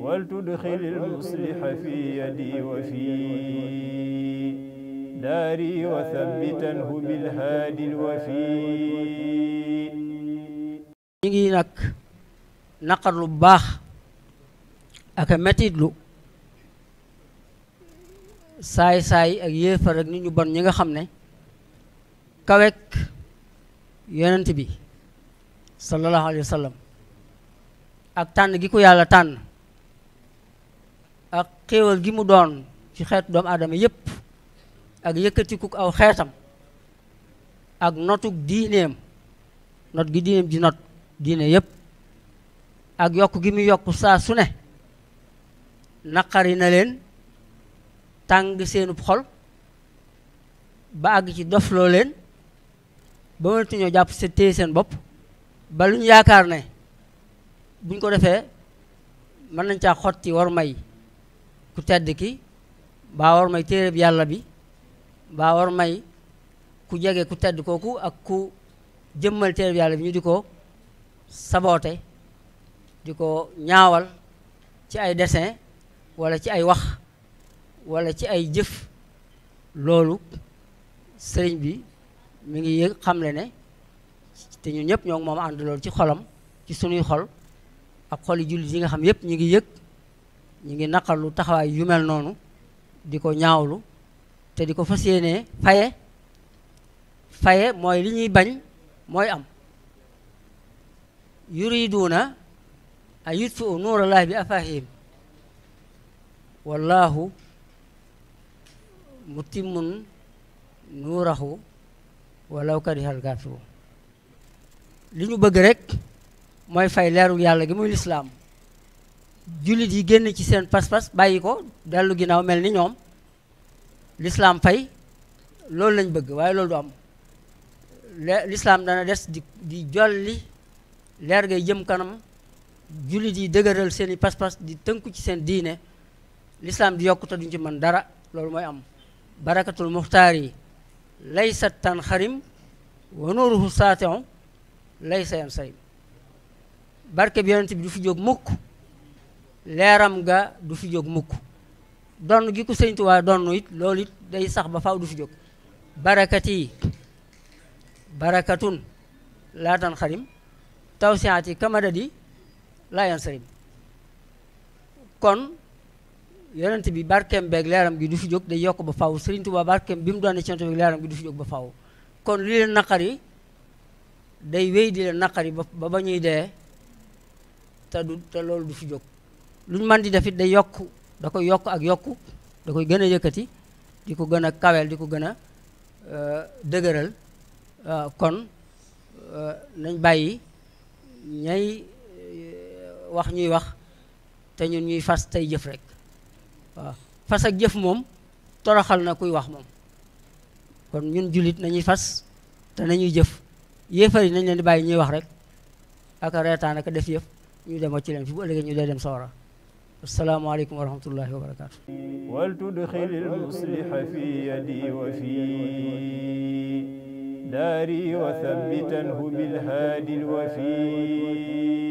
ولتدخل المصلح في يدي وفي داري وثبتنه بالهادي الوفي ñi ngi nag naqar lu baax ak a saay-saay ak yéefar ak nit ñu bon ñi nga xam ne kawek yonent bi sallallahu alayhi ak tànn gi ko yàlla tànn ak xéewal gi mu doon ci xeetu doomu aadama yépp ak yëkkatikuk aw xeetam ak notuk diineem not gi diineem di not diine yépp ak yokk gi mu yokk saa su ne naqari na leen tàng seenub xol ba àgg ci dofloo leen ba mënatuñoo jàpp se téye seen bopp ba lu ñu yaakaar ne buñ ko defee mën nañ caa xotti war may ku tedd ki baa war may téereb yàlla bi baa may ku jege ku tedd kooku ak ku jëmmal téereb yàlla bi ñu di ko saboote di ko ñaawal ci ay desin walla ci ay wax walla ci ay jëf loolu sëriñ bi mu ngi yëg xam ne te ñun ñëpp ñoo moom ànd loolu ci xolam ci sunuy xol ak xoli julli yi nga xam yëpp ñu ngi yëg ñu ngi naqarlu taxawaay yu noonu di ko ñaawlu te di ko fas yéenee faye faye mooy li ñuy bañ mooy am yuriduuna an yutfiu nuurallaahi bi afahim wallahu mutimmun nuurahu walaw karihal kaafiruun li ñu bëgg rek mooy fay leeru yàlla gi muy lislaam jullit yi génn ci seen pas-pas bàyyi ko dellu ginnaaw mel ni ñoom l'islam fay loolu lañ bëgg waaye loolu du am l'islam dana des di di jolli leer gay jëm kanam jullit yi dëgëral seeni i pas-pas di tënku ci seen diine l'islam di yokku te ci mën dara loolu mooy am barakatul muxtaar yi laysa tan xarim wa nuruhu saatéon laysa yan say barke bi yonent bi du fi jóg mukk leeram ga du fi jóg mukk donn gi ko sëñ donn it loolu it day sax ba faw du fi jóg barakati yi barakatun laatan xarim tawsiati kamadadi laayan sarim kon yonent bi barkeem beeg leeram gi du fi jóg day yokk ba faw sëriñ Tuubaa barkeem bi mu doon ci yonent beeg leeram gi du fi jóg ba faw kon li leen naqari day wéy di leen naqari ba ba ñuy dee te du te loolu du fi jóg lu ñu mën di def day yokk da koy yokk ak yokk da koy gën a yëkkati di ko gën a kaweel di ko gën a euh, dëgëral euh, kon euh, nañ bàyyi ñay wax ñuy wax te ñun ñuy fas tey jëf rek waaw fas ak jëf moom toroxal na kuy wax moom kon ñun jullit nañuy fas te nañuy jëf yéefar yi nañ leen di bàyyi ñuy wax rek aka reetaan aka def yëf ñu dem ci leen fi bu ëllëgee ñu dee dem sawara asalaamaaleykum wa rahmatullahi wa barakaatu wal tudxilil musliha fi yadi wa fi daari wa thabbitanhu bil haadil wafi